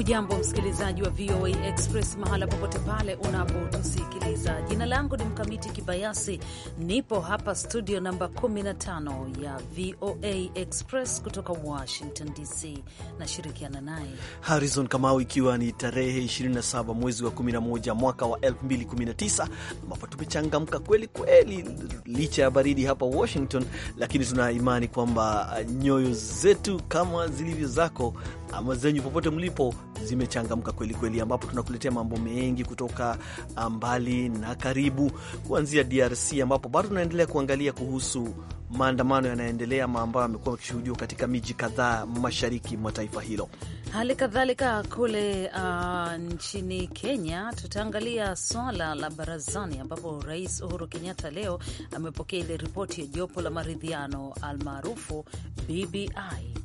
Hujambo msikilizaji wa VOA Express mahala popote pale unapotusikiliza. Jina langu ni Mkamiti Kibayasi, nipo hapa studio namba 15 ya VOA Express kutoka Washington DC, nashirikiana naye Harrison Kamau, ikiwa ni tarehe 27 mwezi wa 11 mwaka wa 2019 ambapo tumechangamka kweli kweli, licha ya baridi hapa Washington, lakini tuna imani kwamba nyoyo zetu kama zilivyo zako ama zenyu popote mlipo zimechangamka kweli kweli, ambapo tunakuletea mambo mengi kutoka ah, mbali na karibu, kuanzia DRC ambapo bado tunaendelea kuangalia kuhusu maandamano yanayoendelea ama ambayo amekuwa akishuhudiwa katika miji kadhaa mashariki mwa taifa hilo. Hali kadhalika kule uh, nchini Kenya tutaangalia swala la barazani, ambapo Rais Uhuru Kenyatta leo amepokea ile ripoti ya jopo la maridhiano almaarufu BBI.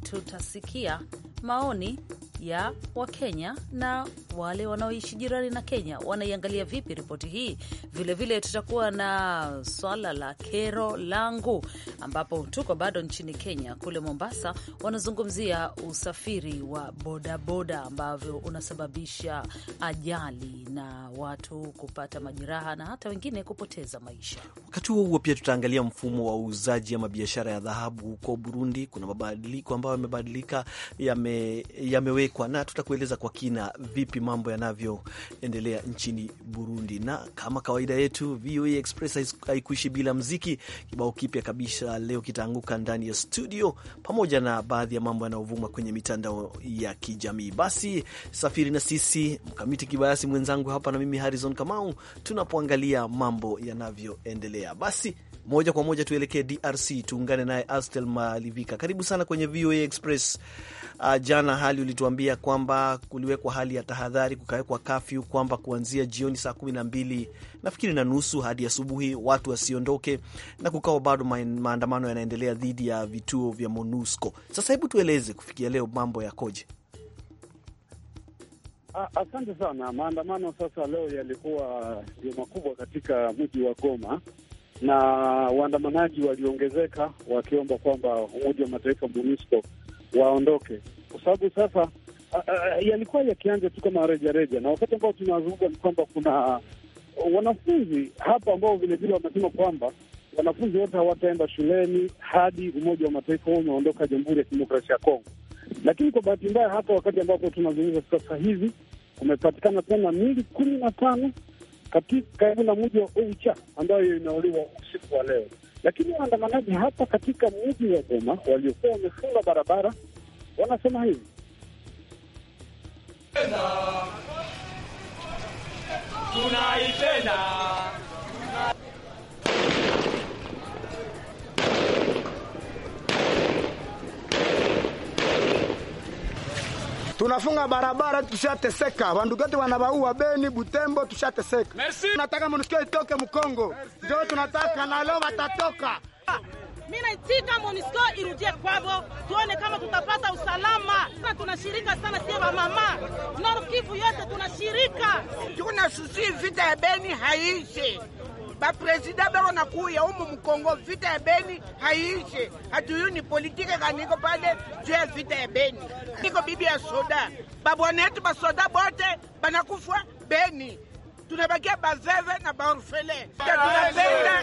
Tutasikia maoni ya Wakenya na wale wanaoishi jirani na Kenya wanaiangalia vipi ripoti hii. Vilevile tutakuwa na swala la kero langu, ambapo tuko bado nchini Kenya. Kule Mombasa wanazungumzia usafiri wa bodaboda ambavyo unasababisha ajali na watu kupata majeraha na hata wengine kupoteza maisha. Wakati huo huo, pia tutaangalia mfumo wa uuzaji ama biashara ya dhahabu huko Burundi. Kuna mabadiliko ambayo yamebadilika yame, yamewekwa, na tutakueleza kwa kina vipi mambo yanavyoendelea nchini Burundi. Na kama kawaida yetu, VOA Express haikuishi bila mziki. Kibao kipya kabisa leo kitaanguka ndani ya studio, pamoja na baadhi ya mambo yanayovuma kwenye mitandao ya kijamii. Basi safiri na sisi, Mkamiti Kibayasi mwenzangu hapa na mimi Harrison Kamau, tunapoangalia mambo yanavyoendelea. Basi moja kwa moja tuelekee DRC, tuungane naye Astel Malivika. Karibu sana kwenye VOA Express. Uh, jana hali ulituambia kuambia kwamba kuliwekwa hali ya tahadhari, kukawekwa kafyu, kwamba kuanzia jioni saa kumi na mbili nafikiri na nusu hadi asubuhi watu wasiondoke, na kukawa bado maandamano yanaendelea dhidi ya vituo vya MONUSCO. Sasa hebu tueleze kufikia leo mambo yakoje? Asante sana. Maandamano sasa leo yalikuwa ndio makubwa katika mji wa Goma na waandamanaji waliongezeka wakiomba kwamba Umoja wa Mataifa MONUSCO waondoke, kwa sababu sasa Ah, ah, ah, yalikuwa yakianza tu kama rejareja, na wakati ambao tunazungumza ni kwamba kuna uh, wanafunzi hapa ambao vilevile wamesema kwamba wanafunzi wote hawataenda shuleni hadi Umoja wa Mataifa huu umeondoka Jamhuri ya Kidemokrasia ya Kongo. Lakini kwa bahati mbaya, hata wakati ambapo tunazungumza sasa hivi kumepatikana tena mili kumi na tano karibu na mji wa Oicha ambayo inauliwa usiku wa leo. Lakini waandamanaji hapa katika mji wa Goma waliokuwa wamefunga barabara wanasema hivi tunaipenda. Tunafunga barabara, tushateseka. Wandugu wetu wanabaua Beni, Butembo, tushateseka. Nataka MONUSCO itoke Mukongo, ndio tunataka na leo watatoka. Mimi naitika MONUSCO irudie kwavo, tuone kama tutapata usalama. Sasa tunashirika sana sie wamama Nord Kivu yote tunashirika, susi vita ya Beni haiishe baprezida bako nakuya umu Mkongo, vita ya Beni haiishe. Hatuyuni politike kaniko pale juu ya vita ya Beni. Niko bibi ya soda, babwana yetu basoda bote banakufwa Beni tunabakia bazeve na baorfele. Tunapenda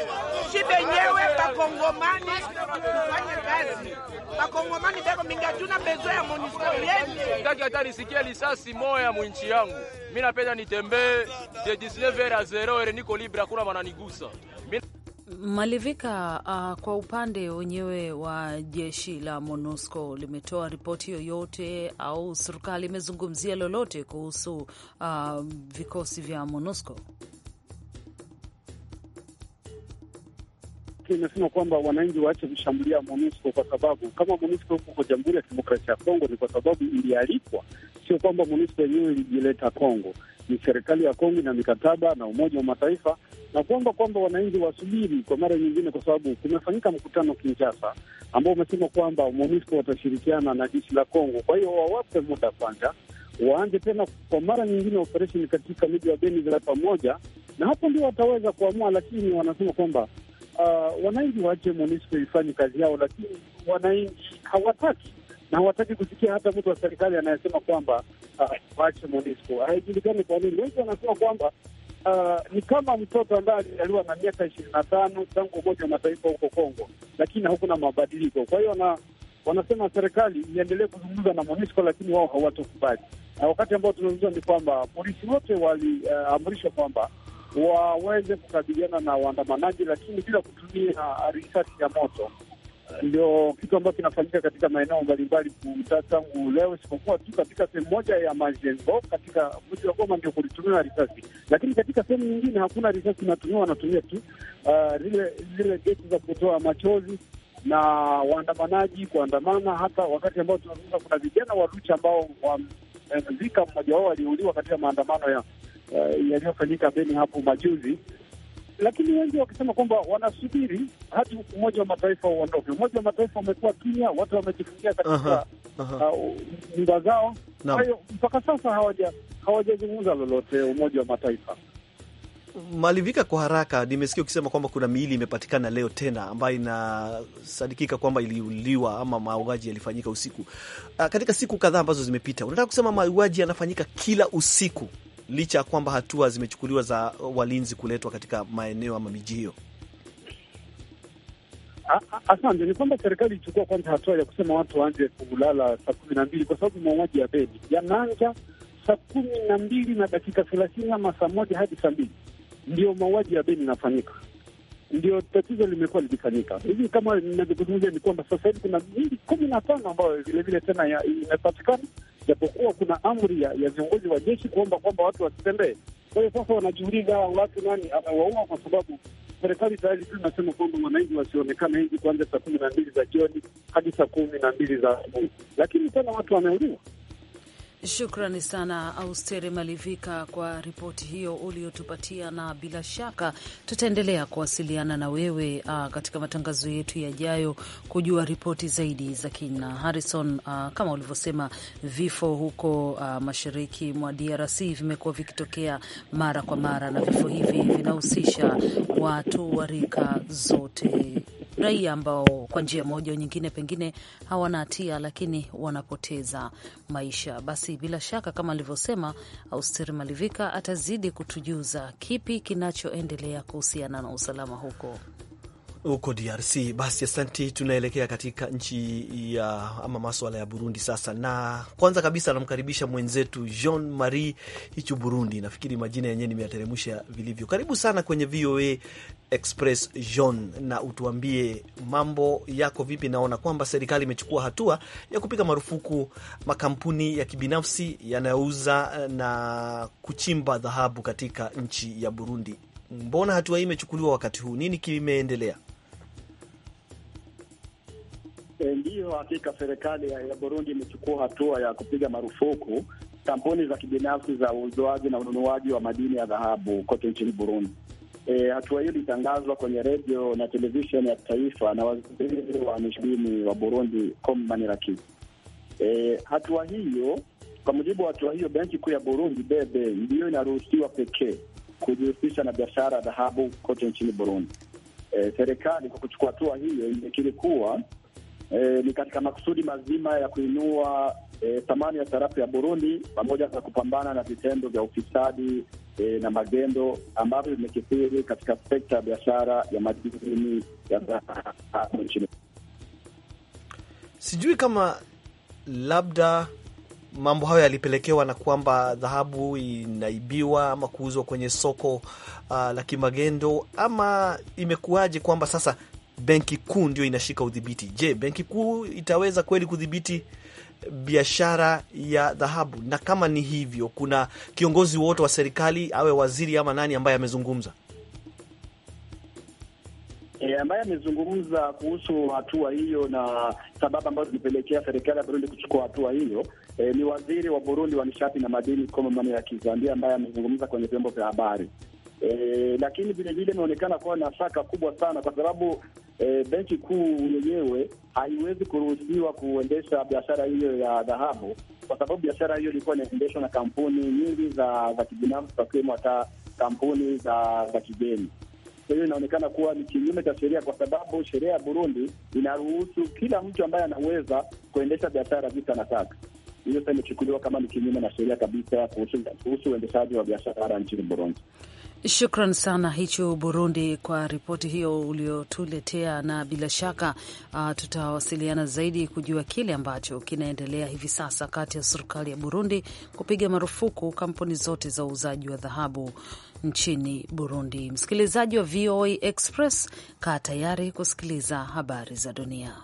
shi benyewe bakongomani kufanya kazi, bakongomani beko mingi, hatuna bezo ya MONUSCO yetu. Taki hata nisikie lisasi moya mwinchi yangu, mi napenda nitembee de 19 vers a 0 ere, niko libre, hakuna mananigusa. Malivika, uh, kwa upande wenyewe wa jeshi la MONUSCO limetoa ripoti yoyote au serikali imezungumzia lolote kuhusu uh, vikosi vya MONUSCO? Imesema kwamba wananchi waache kushambulia MONUSCO kwa sababu kama MONUSCO huko kwa Jamhuri ya Kidemokrasia ya Kongo ni kwa sababu ilialikwa, sio kwamba MONUSCO yenyewe ilijileta Kongo ni serikali ya Kongo na mikataba na Umoja wa Mataifa na kuomba kwamba wananchi wasubiri kwa mara nyingine, kwa sababu kumefanyika mkutano Kinshasa ambao umesema kwamba MONUSCO watashirikiana na jeshi la Kongo. Kwa hiyo wawape muda kwanza, waanze tena kwa mara nyingine operesheni katika miji ya Beni za pamoja, na hapo ndio wataweza kuamua. Lakini wanasema kwamba uh, wananchi waache MONUSCO ifanye kazi yao, lakini wananchi hawataki na hawataki kusikia hata mtu wa serikali anayesema kwamba waache MONUSCO. Haijulikani kwa nini wengi wanasema kwamba Uh, ni kama mtoto ambaye alizaliwa na miaka ishirini na tano tangu Umoja wa Mataifa huko Kongo, lakini hakuna mabadiliko. Kwa hiyo wanasema serikali iendelee kuzungumza na MONUSCO, lakini wao hawatokubali. Na wakati ambao tunazungumza ni kwamba polisi wote waliamrishwa uh, kwamba waweze kukabiliana na waandamanaji, lakini bila kutumia risasi ya moto ndio kitu ambacho kinafanyika katika maeneo mbalimbali tangu leo, isipokuwa tu katika sehemu moja ya majengo katika mji wa Goma ndio kulitumiwa risasi, lakini katika sehemu nyingine hakuna risasi inatumiwa, wanatumia tu uh, zile zile gesi za kutoa machozi na waandamanaji kuandamana. Hata wakati ambao tunazungumza, kuna vijana wa Lucha ambao wamezika mmoja wao aliuliwa katika maandamano ya uh, yaliyofanyika Beni hapo majuzi lakini wengi wakisema kwamba wanasubiri hadi Umoja wa Mataifa uondoke. Umoja wa Mataifa umekuwa kimya, watu wamejifungia katika uh, nyumba uh, zao. Kwa hiyo mpaka sasa hawaja hawajazungumza lolote Umoja wa Mataifa. Malivika, kwa haraka, nimesikia ukisema kwamba kuna miili imepatikana leo tena ambayo inasadikika kwamba iliuliwa ama mauaji yalifanyika usiku, ah, katika siku kadhaa ambazo zimepita. Unataka kusema mauaji yanafanyika kila usiku licha ya kwamba hatua zimechukuliwa za walinzi kuletwa katika maeneo ama miji hiyo? Ah, ah, asante. Ni kwamba serikali ilichukua kwanza hatua ya kusema watu waanze kulala saa kumi na mbili kwa sababu mauaji ya Beni yanaanza saa kumi na mbili na dakika thelathini ama saa moja hadi saa mbili ndio mauaji ya Beni inafanyika, ndio tatizo limekuwa likifanyika hivi. Kama inavyozungumza ni kwamba sasa hivi kuna mili kumi na tano ambayo vilevile tena imepatikana japokuwa kuna amri ya viongozi wa jeshi kuomba kwamba watu wasitembee. Kwa hiyo sasa wanajiuliza hawa watu nani amewaua, kwa sababu serikali tayari tu inasema kwamba wananchi wasionekana hivi kuanzia saa kumi na mbili za jioni hadi saa kumi na mbili za asubuhi, lakini tena watu wameuliwa. Shukrani sana Austeri Malivika kwa ripoti hiyo uliotupatia, na bila shaka tutaendelea kuwasiliana na wewe uh, katika matangazo yetu yajayo kujua ripoti zaidi za kina. Harrison, uh, kama ulivyosema, vifo huko uh, mashariki mwa DRC vimekuwa vikitokea mara kwa mara, na vifo hivi vinahusisha watu wa rika zote raia ambao kwa njia moja au nyingine pengine hawana hatia, lakini wanapoteza maisha. Basi bila shaka, kama alivyosema Austeri Malivika, atazidi kutujuza kipi kinachoendelea kuhusiana na usalama huko huko DRC. Basi asanti, tunaelekea katika nchi ya ama maswala ya Burundi sasa, na kwanza kabisa anamkaribisha mwenzetu Jean Marie hichu Burundi. Nafikiri majina yenyewe nimeyateremsha vilivyo. Karibu sana kwenye VOA Express Jean, na utuambie mambo yako vipi? Naona kwamba serikali imechukua hatua ya kupiga marufuku makampuni ya kibinafsi yanayouza eh, na kuchimba dhahabu katika nchi ya Burundi. Mbona hatua hii imechukuliwa wakati huu? Nini kimeendelea? Eh, ndiyo, hakika serikali ya Burundi imechukua hatua ya kupiga marufuku kampuni za kibinafsi za uuzaji na ununuaji wa madini ya dhahabu kote nchini Burundi. E, hatua hiyo ilitangazwa kwenye redio na televisheni ya taifa na waziri wa mishini wa Burundi Maniraki. E, hatua hiyo, kwa mujibu wa hatua hiyo, benki kuu ya Burundi bebe ndiyo inaruhusiwa pekee kujihusisha na biashara ya dhahabu kote nchini Burundi. E, serikali kwa kuchukua hatua hiyo imekiri kuwa e, ni katika makusudi mazima ya kuinua e, thamani ya sarafu ya Burundi pamoja na kupambana na vitendo vya ufisadi e, na magendo ambavyo vimekithiri katika sekta ya biashara ya madini ya dhahabu nchini. Sijui kama labda mambo hayo yalipelekewa na kwamba dhahabu inaibiwa ama kuuzwa kwenye soko uh, la kimagendo ama imekuwaje kwamba sasa benki kuu ndio inashika udhibiti. Je, benki kuu itaweza kweli kudhibiti biashara ya dhahabu? Na kama ni hivyo, kuna kiongozi wote wa serikali awe waziri ama nani ambaye amezungumza E, ambaye amezungumza kuhusu hatua hiyo na sababu ambazo zimepelekea serikali ya Burundi kuchukua hatua hiyo e, ni waziri wa Burundi wa nishati na madini ya Kizambia ambaye amezungumza kwenye vyombo vya habari e, lakini vilevile imeonekana kuwa na shaka kubwa sana kwa sababu e, benki kuu yenyewe haiwezi kuruhusiwa kuendesha biashara hiyo ya dhahabu kwa sababu biashara hiyo ilikuwa inaendeshwa na kampuni nyingi za za kibinafsi wakiwemo hata kampuni za za kigeni. Kwa hiyo inaonekana kuwa ni kinyume cha sheria, kwa sababu sheria ya Burundi inaruhusu kila mtu ambaye anaweza kuendesha biashara vita anataka. Hiyo sasa imechukuliwa kama ni kinyume na sheria kabisa kuhusu uendeshaji wa biashara nchini Burundi. Shukran sana hicho Burundi kwa ripoti hiyo uliotuletea, na bila shaka uh, tutawasiliana zaidi kujua kile ambacho kinaendelea hivi sasa kati ya serikali ya Burundi kupiga marufuku kampuni zote za uuzaji wa dhahabu nchini Burundi. Msikilizaji wa VOA Express, kaa tayari kusikiliza habari za dunia.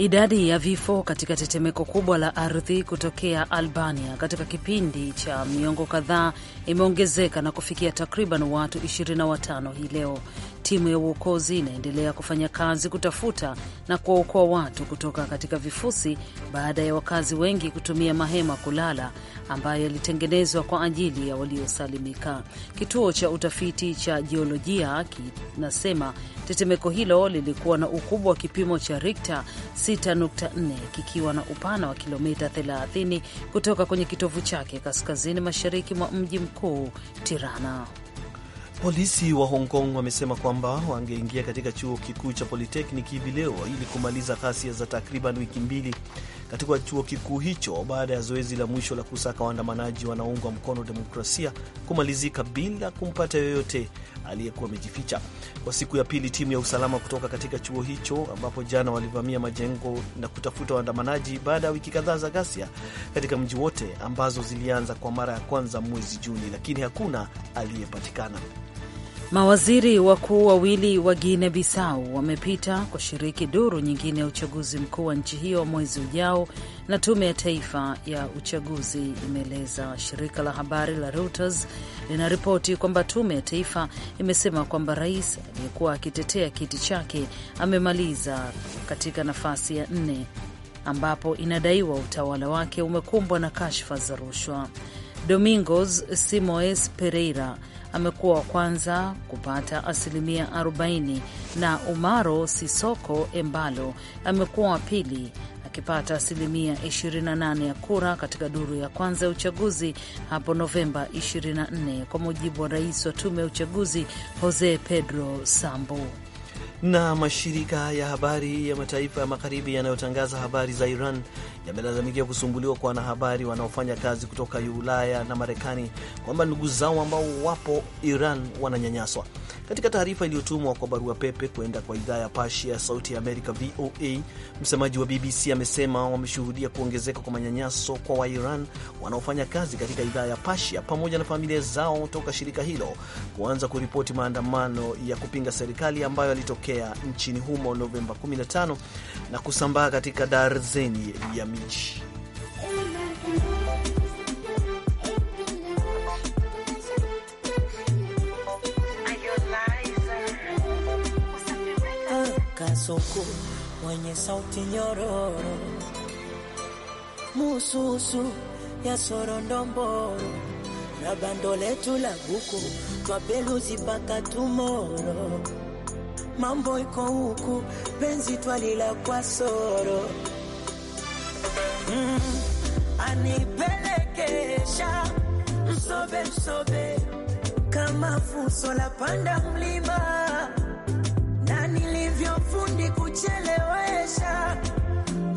Idadi ya vifo katika tetemeko kubwa la ardhi kutokea Albania katika kipindi cha miongo kadhaa imeongezeka na kufikia takriban watu 25 hii leo. Timu ya uokozi inaendelea kufanya kazi kutafuta na kuwaokoa watu kutoka katika vifusi baada ya wakazi wengi kutumia mahema kulala ambayo yalitengenezwa kwa ajili ya waliosalimika. Kituo cha utafiti cha jiolojia kinasema Tetemeko hilo lilikuwa na ukubwa wa kipimo cha rikta 6.4 kikiwa na upana wa kilomita 30 kutoka kwenye kitovu chake kaskazini mashariki mwa mji mkuu Tirana. Polisi wa Hong Kong wamesema kwamba wangeingia katika chuo kikuu cha Politekniki hivi leo ili kumaliza ghasia za takriban wiki mbili katika chuo kikuu hicho baada ya zoezi la mwisho la kusaka waandamanaji wanaounga mkono demokrasia kumalizika bila kumpata yoyote aliyekuwa amejificha. Kwa siku ya pili, timu ya usalama kutoka katika chuo hicho, ambapo jana walivamia majengo na kutafuta waandamanaji baada ya wiki kadhaa za ghasia katika mji wote ambazo zilianza kwa mara ya kwanza mwezi Juni, lakini hakuna aliyepatikana. Mawaziri wakuu wawili wa Guinea Bissau wamepita kushiriki duru nyingine ya uchaguzi mkuu wa nchi hiyo mwezi ujao, na tume ya taifa ya uchaguzi imeeleza. Shirika la habari la Reuters linaripoti kwamba tume ya taifa imesema kwamba rais aliyekuwa akitetea kiti chake amemaliza katika nafasi ya nne, ambapo inadaiwa utawala wake umekumbwa na kashfa za rushwa. Domingos Simoes Pereira amekuwa wa kwanza kupata asilimia 40 na Umaro Sisoko Embalo amekuwa wa pili akipata asilimia 28 ya kura katika duru ya kwanza ya uchaguzi hapo Novemba 24 kwa mujibu wa rais wa tume ya uchaguzi Jose Pedro Sambu. Na mashirika ya habari ya mataifa ya magharibi yanayotangaza habari za Iran yamelazamikia kusumbuliwa kwa wanahabari wanaofanya kazi kutoka Ulaya na Marekani kwamba ndugu zao ambao wapo Iran wananyanyaswa. Katika taarifa iliyotumwa kwa barua pepe kwenda kwa idhaa ya Pashi ya Sauti ya Amerika, VOA, msemaji wa BBC amesema wameshuhudia kuongezeka kwa manyanyaso kwa Wairan wanaofanya kazi katika idhaa ya Pashia pamoja na familia zao toka shirika hilo kuanza kuripoti maandamano ya kupinga serikali ambayo yalitokea nchini humo Novemba 15 na kusambaa katika darzeni ya nchi. Kasoko mwenye sauti nyororo, mususu ya sorondomboro na bando letu la buku twapeluzi mpaka tumoro, mambo iko huku, penzi twalila kwa soro Mm-hmm. anipelekesha msobe msobe kama fuso la panda mlima na nilivyofundi kuchelewesha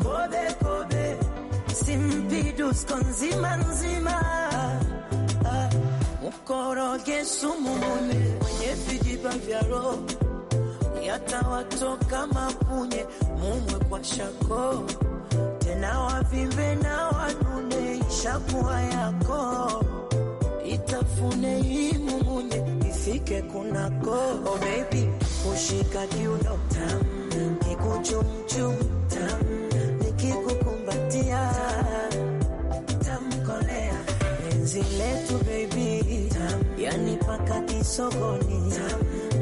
kobe kobe simpidusko nzima nzima ah, ukoroge sumu vijiba vya roho yatawatoka mapunye mumwe kwa shako na wavimbe na wanune, shakuwa yako itafune imumunye ifike kunako. Oh baby kushika kiuno tamu kikuchumchum tamu nikikukumbatia tamkolea enzi letu baby, yani paka kisogoni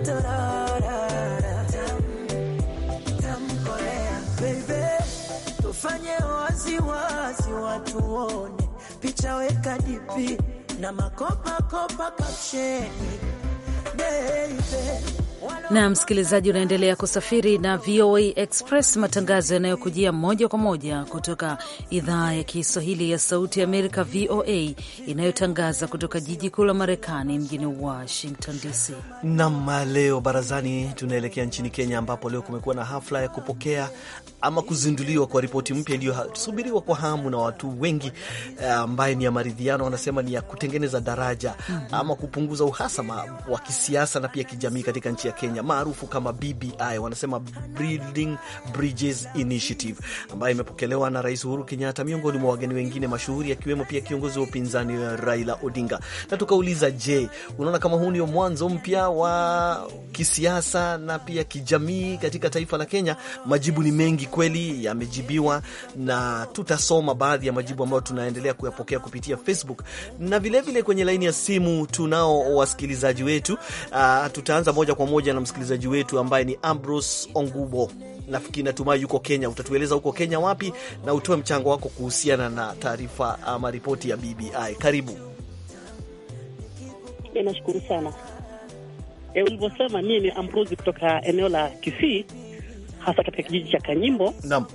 torara Ifanye wazi watu wone, picha weka dipi na makopa kopa kapsheni baby na msikilizaji, unaendelea kusafiri na VOA Express, matangazo yanayokujia moja kwa moja kutoka idhaa ya Kiswahili ya Sauti ya Amerika, VOA, inayotangaza kutoka jiji kuu la Marekani, mjini Washington DC. Nam, leo barazani tunaelekea nchini Kenya, ambapo leo kumekuwa na hafla ya kupokea ama kuzinduliwa kwa ripoti mpya iliyosubiriwa kwa hamu na watu wengi, eh, ambaye ni ya maridhiano, wanasema ni ya kutengeneza daraja mm -hmm. ama kupunguza uhasama wa kisiasa na pia kijamii katika nchi ya Kenya, maarufu kama BBI, wanasema Building Bridges Initiative, ambayo imepokelewa na Rais Uhuru Kenyatta miongoni mwa wageni wengine mashuhuri, akiwemo pia kiongozi wa upinzani Raila Odinga. Na tukauliza, je, unaona kama huu ndio mwanzo mpya wa kisiasa na pia kijamii katika taifa la Kenya? Majibu ni mengi kweli yamejibiwa, na tutasoma baadhi ya majibu ambayo tunaendelea kuyapokea kupitia Facebook na vilevile vile kwenye laini ya simu tunao wasikilizaji wetu. Uh, tutaanza moja kwa moja na msikilizaji wetu ambaye ni Ambrose Ongubo. Nafikiri, natumai yuko Kenya. Utatueleza huko Kenya wapi na utoe mchango wako kuhusiana na taarifa ama ripoti ya BBI. Karibu. Nashukuru sana. E, ulivyosema, mimi ni Ambrose kutoka eneo la Kisii hasa katika kijiji cha Kanyimbo. Naam.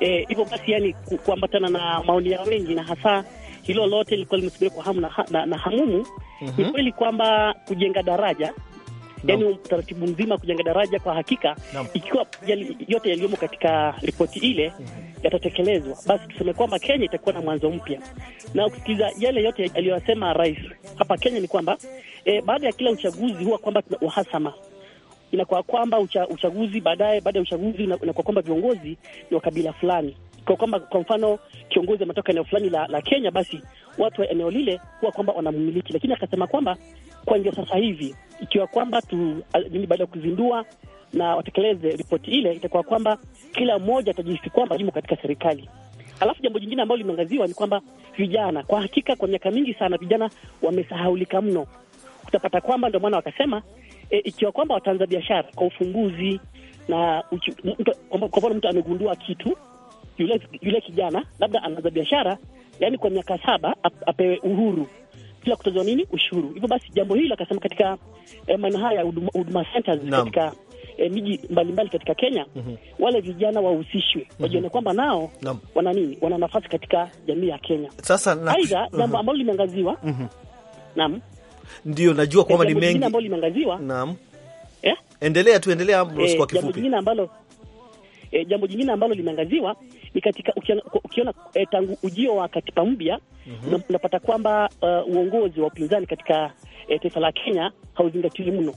E, hivyo basi yani kuambatana na maoni ya wengi na hasa hilo lote lilikuwa limesubiri kwa hamu na, na, na hamumu mm -hmm. Ni kweli kwamba kujenga daraja no. Yani utaratibu mzima kujenga daraja kwa hakika no. Ikiwa yali, yote yaliyomo katika ripoti ile mm -hmm. yatatekelezwa, basi tuseme kwamba Kenya itakuwa na mwanzo mpya. Na ukisikiliza yale yote aliyosema rais hapa Kenya ni kwamba e, baada ya kila uchaguzi huwa kwamba tuna uhasama inakuwa kwamba ucha, uchaguzi baadaye, baada ya uchaguzi inakuwa kwamba viongozi ni wa kabila fulani, kwa kwamba kwa mfano kiongozi ametoka eneo fulani la, la Kenya, basi watu wa eneo lile huwa kwamba wanamiliki, lakini akasema kwamba kuanzia sasa hivi ikiwa kwamba tu mimi baada ya kuzindua na watekeleze ripoti ile, itakuwa kwamba kila mmoja atajihisi kwamba yumo katika serikali. Alafu jambo jingine ambalo limeangaziwa ni kwamba vijana, kwa hakika, kwa miaka mingi sana vijana wamesahaulika mno. Utapata kwamba ndio maana wakasema e, ikiwa kwamba wataanza biashara kwa ufunguzi na kwa mfano mtu amegundua kitu yule, yule kijana labda anaanza biashara yani kwa miaka saba ap, apewe uhuru bila kutozwa nini ushuru. Hivyo basi jambo hili akasema katika eh, maeneo haya huduma centers no. katika eh, miji mbalimbali katika Kenya mm -hmm. wale vijana wahusishwe mm -hmm. wajione kwamba nao no. wana nini wana nafasi katika jamii ya Kenya. Sasa aidha jambo mm -hmm. ambalo limeangaziwa mm -hmm. naam ndio najua kwamba ni mengi ambayo limeangaziwa. Naam, eh, endelea tu, endelea eh, Ambrose, kwa kifupi. Jambo jingine ambalo eh, jambo jingine ambalo limeangaziwa ni katika ukiona, ukiona eh, tangu ujio wa katiba mpya mm-hmm. unapata kwamba uh, uongozi wa upinzani katika eh, taifa la Kenya hauzingatiwi mno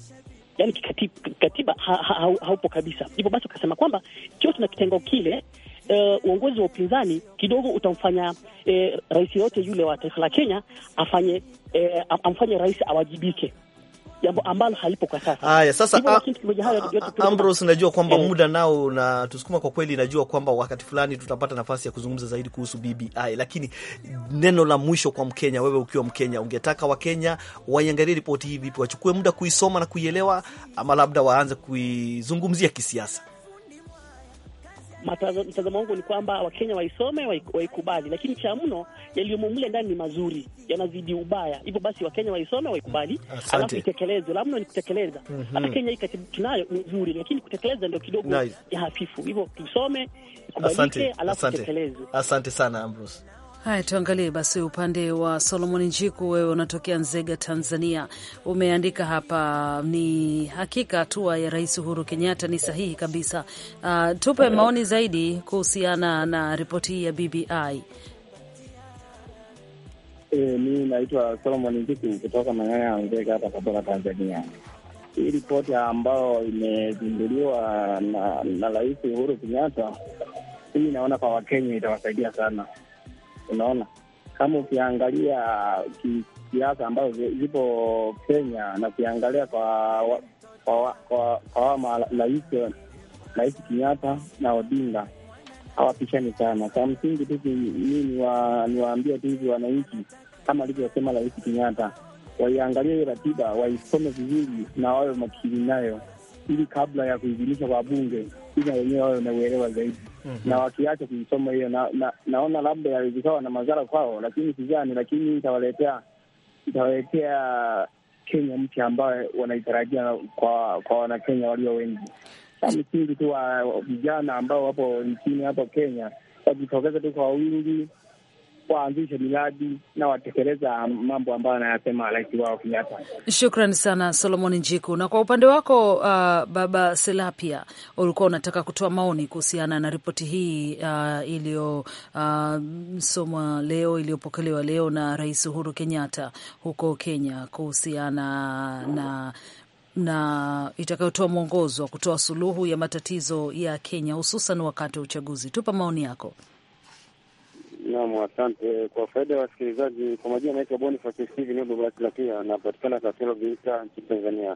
yani kikatiba, katiba ha, ha, ha, haupo kabisa. Hivyo basi ukasema kwamba kio tuna kitengo kile Eh, uongozi wa upinzani kidogo utamfanya uh, rais yoyote yule wa taifa la Kenya afanye uh, amfanye rais awajibike, jambo ambalo halipo kwa sasa. Haya, sasa Ambrose, najua kwamba eh, muda nao na tusukuma kwa kweli. Najua kwamba wakati fulani tutapata nafasi ya kuzungumza zaidi kuhusu BBI, lakini neno la mwisho kwa Mkenya, wewe ukiwa Mkenya, ungetaka Wakenya waiangalie ripoti hii vipi? Wachukue muda kuisoma na kuielewa, ama labda waanze kuizungumzia kisiasa? mtazamo wangu ni kwamba Wakenya waisome waikubali, lakini cha mno yaliyomo mle ndani ni mazuri, yanazidi ubaya. Hivyo basi Wakenya waisome waikubali, mm, alafu itekelezwe. La mno ni kutekeleza. mm -hmm. Hata Kenya hii katibu tunayo ni nzuri, lakini kutekeleza ndio kidogo nice. ya hafifu. Hivyo tusome, ikubalike, alafu itekelezwe. Asante sana Ambrose. Haya, tuangalie basi upande wa Solomon Njiku. Wewe unatokea Nzega, Tanzania. Umeandika hapa, ni hakika hatua ya Rais Uhuru Kenyatta ni sahihi kabisa. Uh, tupe maoni zaidi kuhusiana na ripoti hii ya BBI. E, mi naitwa Solomon Njiku kutoka maeneo ya Nzega hapa Tabora, Tanzania. Hii ripoti ambayo imezinduliwa na, na Rais Uhuru Kenyatta, mimi naona kwa Wakenya itawasaidia sana Unaona, kama ukiangalia kisiasa ambazo zipo Kenya na ukiangalia kwa kwa hawa Rais Kenyatta na Odinga hawapishani sana. Kwa msingi tu mii niwaambie tu hivi wananchi, kama alivyosema Rais Kenyatta, waiangalie hiyo ratiba, waisome vizuri na wawe makini nayo, ili kabla ya kuidhinishwa kwa bunge Wakenya wenyewe wawe na uelewa zaidi mm -hmm. na wakiacha kuisoma hiyo na, na, naona labda yawezikawa na madhara kwao, lakini sijani, lakini itawaletea itawaletea Kenya mpya ambayo wanaitarajia kwa kwa Wanakenya walio wengi. a msingi tu wa vijana ambao wapo nchini hapo Kenya wajitokeze tu kwa wingi waanzishe miradi na watekeleza mambo ambayo anayasema rais wao Kenyatta. Shukran sana Solomon Njiku. Na kwa upande wako, uh, Baba Selapia, ulikuwa unataka kutoa maoni kuhusiana na ripoti hii uh, iliyosomwa uh, leo iliyopokelewa leo na Rais Uhuru Kenyatta huko Kenya kuhusiana na na itakayotoa mwongozo wa kutoa suluhu ya matatizo ya Kenya hususan wakati wa uchaguzi. Tupa maoni yako. Naam, asante kwa faida ya wasikilizaji. Kwa majina naitwa Bonifasi Steven pia anapatikana Katoro Vita nchini Tanzania.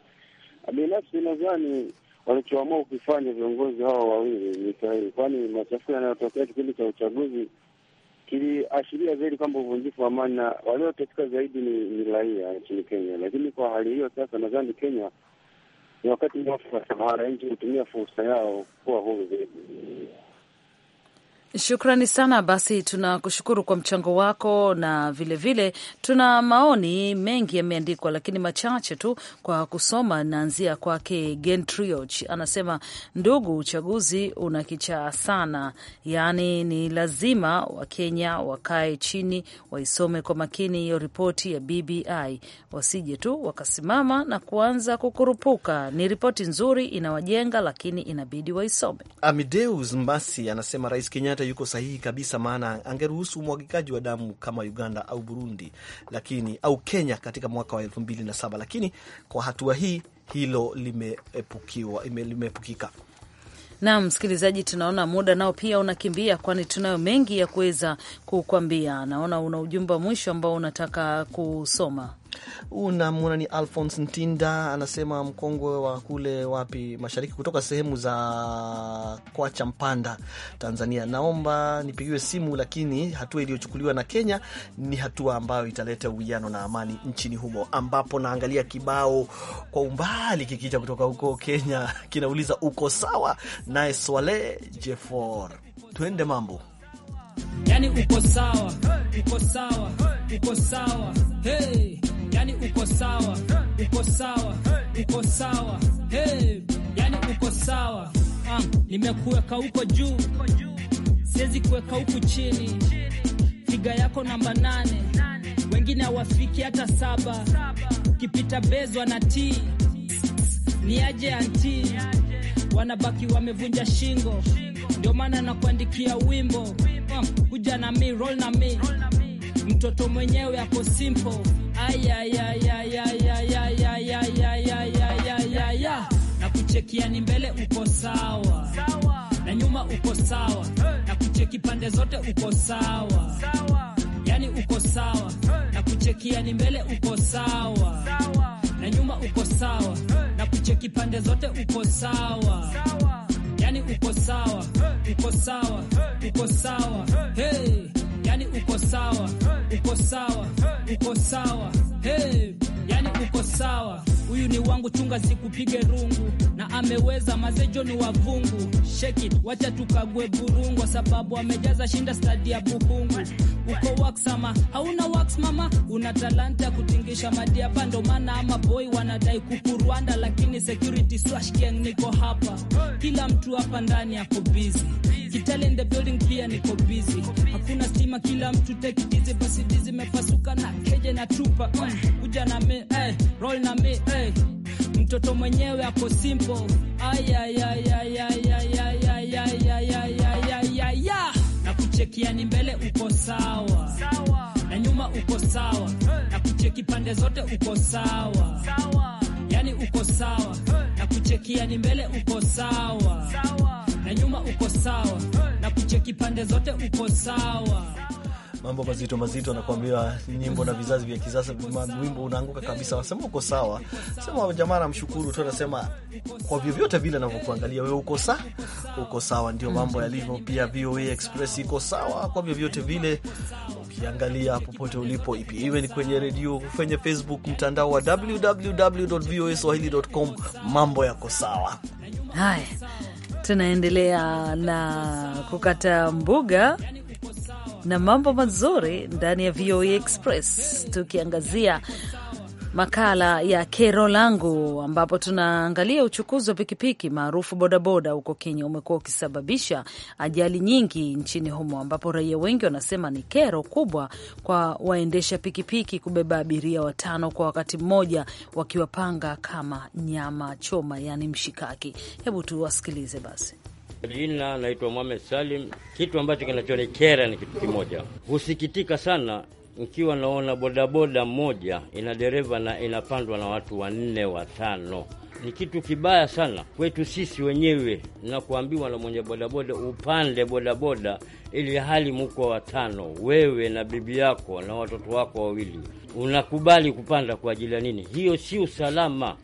Binafsi nadhani walichoamua ukifanya viongozi hao wawili ni sahihi, kwani machafuko yanayotokea kipindi cha uchaguzi kiliashiria zaidi kwamba uvunjifu wa amani na walioteseka zaidi ni, ni raia nchini Kenya. Lakini kwa hali hiyo sasa, nadhani Kenya ni wakati mwafaka wananchi kutumia fursa yao kuwa huru zaidi. Shukrani sana. Basi tunakushukuru kwa mchango wako, na vilevile vile, tuna maoni mengi yameandikwa, lakini machache tu kwa kusoma. Naanzia kwake Gentrioch, anasema ndugu, uchaguzi una kichaa sana, yaani ni lazima Wakenya wakae chini, waisome kwa makini hiyo ripoti ya BBI, wasije tu wakasimama na kuanza kukurupuka. Ni ripoti nzuri, inawajenga, lakini inabidi waisome. Amideus Mbasi anasema Rais Kenyatta yuko sahihi kabisa, maana angeruhusu umwagikaji wa damu kama Uganda au Burundi, lakini au Kenya katika mwaka wa elfu mbili na saba, lakini kwa hatua hii hilo limeepukiwa, limeepukika. Naam, msikilizaji, tunaona muda nao pia unakimbia, kwani tunayo mengi ya kuweza kukwambia. Naona una ujumbe wa mwisho ambao unataka kusoma. Unamwona ni Alphonse Ntinda anasema mkongwe wa kule wapi mashariki, kutoka sehemu za Kwacha Mpanda, Tanzania. Naomba nipigiwe simu, lakini hatua iliyochukuliwa na Kenya ni hatua ambayo italeta uwiano na amani nchini humo, ambapo naangalia kibao kwa umbali kikicha kutoka huko Kenya, kinauliza uko sawa naye Swale Jefor, twende mambo yani uko sawa, uko sawa, uko sawa hey yani uko sawa, uko sawa, uko sawa, hey, yani uko sawa. Ah, nimekuweka huko juu, siwezi kuweka huku chini. Figa yako namba nane, wengine hawafiki hata saba. Ukipita bezwa na ti ni aje anti, wanabaki wamevunja shingo, ndio maana nakuandikia wimbo. Ah, kuja na mi roll na mi, mtoto mwenyewe ako simple na kuchekia mbele uko sawa sawa, na nyuma uko sawa hey, na kucheki pande zote uko sawa sawa, yani uko sawa hey, na kuchekia ni mbele uko sawa sawa, na nyuma uko sawa hey, na kucheki pande zote uko sawa sawa, yani uko sawa hey, uko sawa hey, uko sawa hey yani uko sawa, uko sawa, uko sawa, hey, yani uko sawa. Huyu ni wangu chunga, sikupige rungu na ameweza mazejo ni wavungu shekit, wacha tukague burungu, sababu amejaza shinda stadi ya Bukungu uko wax ama hauna wax mama, una talanta kutingisha hapa, ndo maana ama boy wanadai kuku Rwanda, lakini security swash gang, niko hapa, kila mtu hapa ndani ako busy Kitale in the building pia niko busy, hakuna stima, kila mtu take it easy, basi dizi mefasuka na keje na tupa mm, kuja na me eh, roll na me eh, mtoto mwenyewe ako simple ay ay ay ay ay ay ay ay ay kuchekiani mbele uko sawa, sawa. Na nyuma uko sawa hey. Na kucheki pande zote uko sawa, sawa. Yani uko sawa hey. Na kuchekiani mbele uko sawa, sawa. Na nyuma uko sawa hey. Na kucheki pande zote uko sawa, sawa mambo mazito mazito, anakuambia nyimbo na vizazi vya kisasa, wimbo unaanguka kabisa. Wasema uko sawa, sema jamaa, namshukuru tu, anasema kwa vyovyote vile anavyokuangalia wewe uko sawa, uko sawa. Ndio mambo yalivyo. Pia VOA Express iko sawa kwa vyovyote vile, ukiangalia popote ulipo, iwe ni kwenye redio, kwenye Facebook, mtandao wa www.voaswahili.com, mambo yako sawa. Haya, tunaendelea na kukata mbuga na mambo mazuri ndani ya VOA e Express, tukiangazia makala ya kero langu, ambapo tunaangalia uchukuzi wa pikipiki maarufu bodaboda huko Kenya umekuwa ukisababisha ajali nyingi nchini humo, ambapo raia wengi wanasema ni kero kubwa kwa waendesha pikipiki kubeba abiria watano kwa wakati mmoja, wakiwapanga kama nyama choma, yani mshikaki. Hebu tuwasikilize basi. Jina naitwa Mohamed Salim. Kitu ambacho kinachonikera ni kitu kimoja, husikitika sana nikiwa naona bodaboda moja ina dereva na inapandwa na watu wanne watano. Ni kitu kibaya sana kwetu sisi wenyewe, na kuambiwa na mwenye bodaboda upande bodaboda ili hali mko watano, wewe na bibi yako na watoto wako wawili, unakubali kupanda kwa ajili ya nini? Hiyo si usalama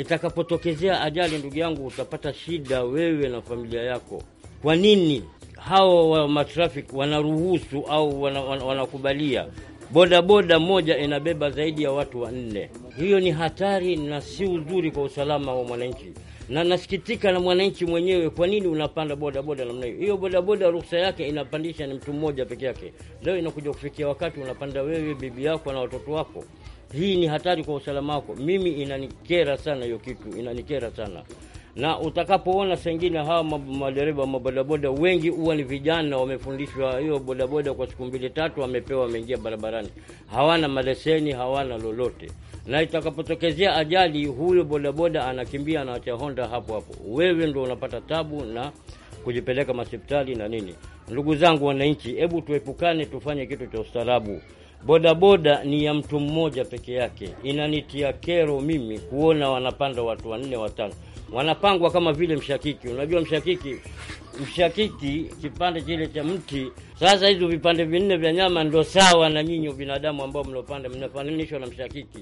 itakapotokezea ajali, ndugu yangu, utapata shida wewe na familia yako. Kwa nini hawa wa matrafik wanaruhusu au wanakubalia wana, wana bodaboda moja inabeba zaidi ya watu wanne? Hiyo ni hatari na si uzuri kwa usalama wa mwananchi, na nasikitika na mwananchi mwenyewe. Kwa nini unapanda bodaboda namna hiyo? Hiyo bodaboda ruhusa yake inapandisha ni mtu mmoja peke yake, leo inakuja kufikia wakati unapanda wewe, bibi yako na watoto wako hii ni hatari kwa usalama wako. Mimi inanikera sana hiyo kitu, inanikera sana na utakapoona sengine hawa madereva mabodaboda wengi huwa ni vijana wamefundishwa hiyo bodaboda kwa siku mbili tatu, wamepewa wameingia barabarani, hawana maleseni, hawana lolote, na itakapotokezea ajali, huyo bodaboda anakimbia, anaacha honda hapo hapo, wewe ndo unapata tabu na kujipeleka masipitali na nini. Ndugu zangu wananchi, hebu tuepukane, tufanye kitu cha ustaarabu. Bodaboda ni ya mtu mmoja peke yake, inanitia kero mimi kuona wanapanda watu wanne watano, wanapangwa kama vile mshakiki. Unajua mshakiki, mshakiki kipande kile cha mti. Sasa hizo vipande vinne vya nyama ndo sawa na nyinyi binadamu ambao mnaopanda, mnafananishwa na mshakiki.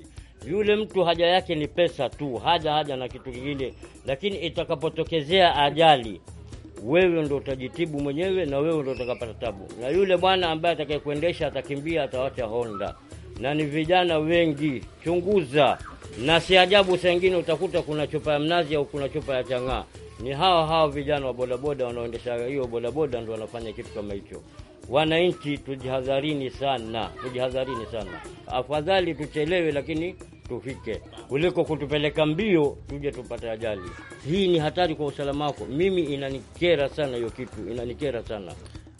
Yule mtu haja yake ni pesa tu, haja haja na kitu kingine, lakini itakapotokezea ajali wewe ndo utajitibu mwenyewe na wewe ndo utakapata tabu, na yule bwana ambaye atakayekuendesha atakimbia, atawacha honda, na ni vijana wengi. Chunguza, na si ajabu saa ingine utakuta kuna chupa ya mnazi au kuna chupa ya chang'aa. Ni hawa hawa vijana wa bodaboda wanaoendesha hiyo bodaboda ndo wanafanya kitu kama hicho. Wananchi, tujihadharini sana, tujihadharini sana. Afadhali tuchelewe, lakini tufike, kuliko kutupeleka mbio tuje tupate ajali. Hii ni hatari kwa usalama wako. Mimi inanikera sana hiyo kitu, inanikera sana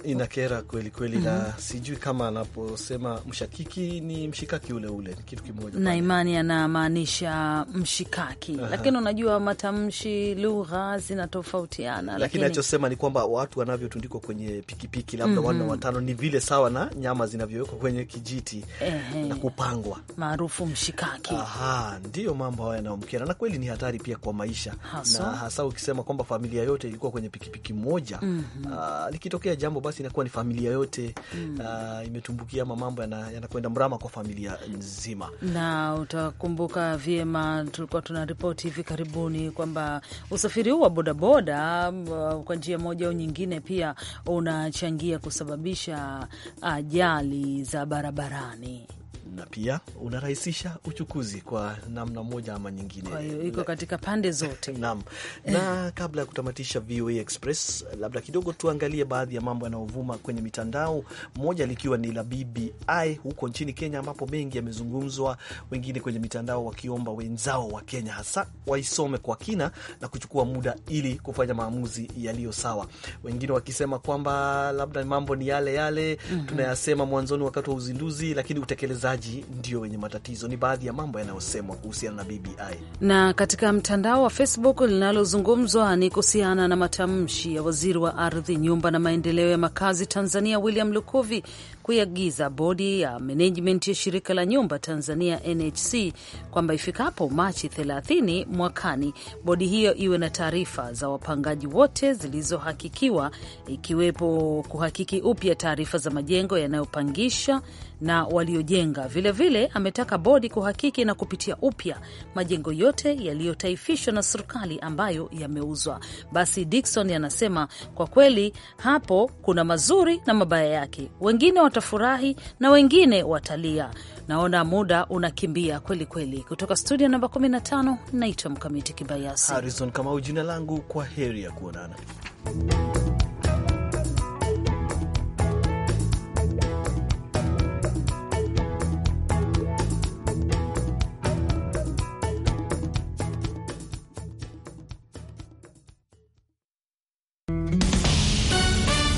inakera kweli kweli, mm -hmm. sijui kama anaposema mshakiki ni mshikaki ule ule, ni kitu kimoja na imani anamaanisha mshikaki. Aha. Lakini unajua matamshi, lugha zinatofautiana, lakini lakini ni kwamba watu wanavyotundikwa kwenye pikipiki labda mm -hmm. wanne mhm. watano ni vile sawa na nyama zinavyowekwa kwenye kijiti Ehe. na kupangwa maarufu mshikaki. Aha, ndiyo mambo hayo yanayomkera, na kweli ni hatari pia kwa maisha Haso. na hasa ukisema kwamba familia yote ilikuwa kwenye pikipiki moja mm -hmm. likitokea jambo basi basi inakuwa ni familia yote mm. uh, imetumbukia ama mambo yanakwenda mrama kwa familia nzima. Na utakumbuka vyema, tulikuwa tuna ripoti hivi karibuni kwamba usafiri huu wa bodaboda uh, kwa njia moja au nyingine pia unachangia kusababisha uh, ajali za barabarani na pia unarahisisha uchukuzi kwa namna moja ama nyingine. Kwa hiyo iko katika pande zote naam. Na kabla ya kutamatisha VOA Express, labda kidogo tuangalie baadhi ya mambo yanayovuma kwenye mitandao, moja likiwa ni la BBI huko nchini Kenya, ambapo mengi yamezungumzwa, wengine kwenye mitandao wakiomba wenzao wa Kenya hasa waisome kwa kina na kuchukua muda ili kufanya maamuzi yaliyo sawa, wengine wakisema kwamba labda mambo ni yale yale mm -hmm. tunayasema mwanzoni wakati wa uzinduzi, lakini utekelezaji waandamanaji ndio wenye matatizo. Ni baadhi ya mambo yanayosemwa kuhusiana na BBI. Na katika mtandao wa Facebook, linalozungumzwa ni kuhusiana na matamshi ya waziri wa ardhi, nyumba na maendeleo ya makazi Tanzania William Lukuvi kuiagiza bodi ya management ya shirika la nyumba Tanzania NHC kwamba ifikapo Machi 30 mwakani bodi hiyo iwe na taarifa za wapangaji wote zilizohakikiwa, ikiwepo kuhakiki upya taarifa za majengo yanayopangisha na waliojenga. Vilevile ametaka bodi kuhakiki na kupitia upya majengo yote yaliyotaifishwa na serikali ambayo yameuzwa. Basi Dickson anasema kwa kweli hapo kuna mazuri na mabaya yake, wengine wata watafurahi na wengine watalia. Naona muda unakimbia kweli kweli. Kutoka studio namba 15 naitwa Mkamiti Kibayasi Harrison Kamau jina langu. Kwa heri ya kuonana.